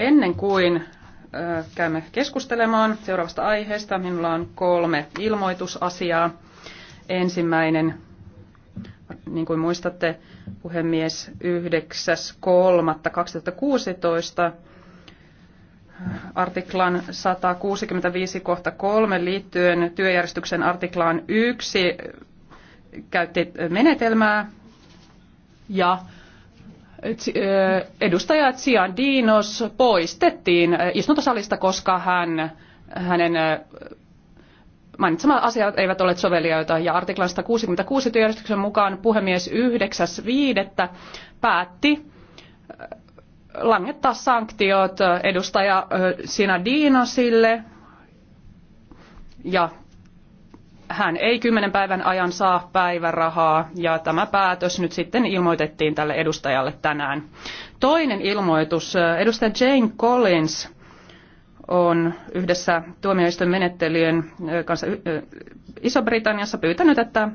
Ennen kuin käymme keskustelemaan seuraavasta aiheesta, minulla on kolme ilmoitusasiaa. Ensimmäinen, niin kuin muistatte, puhemies 9.3.2016 artiklan 165 kohta 3 liittyen työjärjestyksen artiklaan 1 käytti menetelmää ja edustaja Tsian Dinos poistettiin istuntosalista, koska hän, hänen mainitsemat asiat eivät ole sovelijoita ja artiklan 166 työjärjestyksen mukaan puhemies 9.5. päätti langettaa sanktiot edustaja Sinadinosille ja hän ei kymmenen päivän ajan saa päivärahaa ja tämä päätös nyt sitten ilmoitettiin tälle edustajalle tänään. Toinen ilmoitus, edustaja Jane Collins on yhdessä tuomioistuinmenettelyjen kanssa Iso-Britanniassa pyytänyt, että